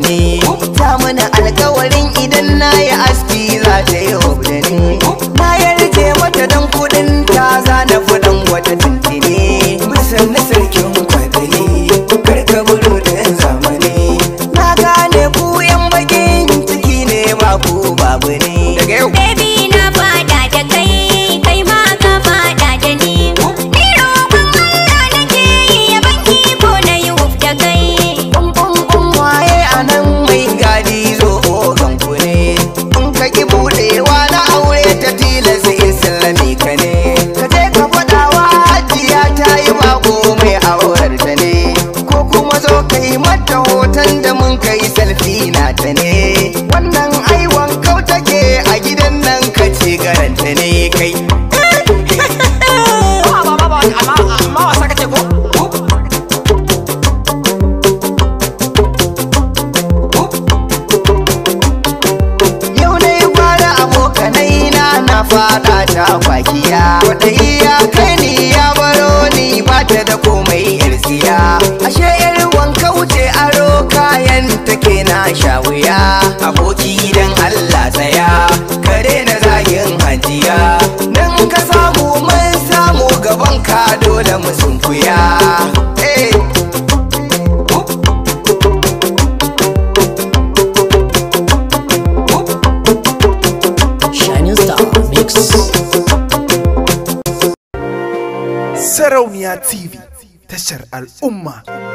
ne ta mana alkawarin idan na yi aski za ta yi hukuni na yarje mata dan kudin ta zana kudin wata tuntuni musan na sarkin kwadali karka buru da zamani na gane ku yan bakin ciki ne ba ku babu ne daga yau ne wannan aiwon kau take a gidan nan ka ce garanta ne kai Fada ta na wadda iya kai ni ya baro ni ba ta da komai yarziya. Ashe sha wuya aboki idan Allah tsaya ka daina zagin hajiya nan ka samu mun samu gaban ka dole mu sunkuya eh. Sarauniya TV tashar al'umma.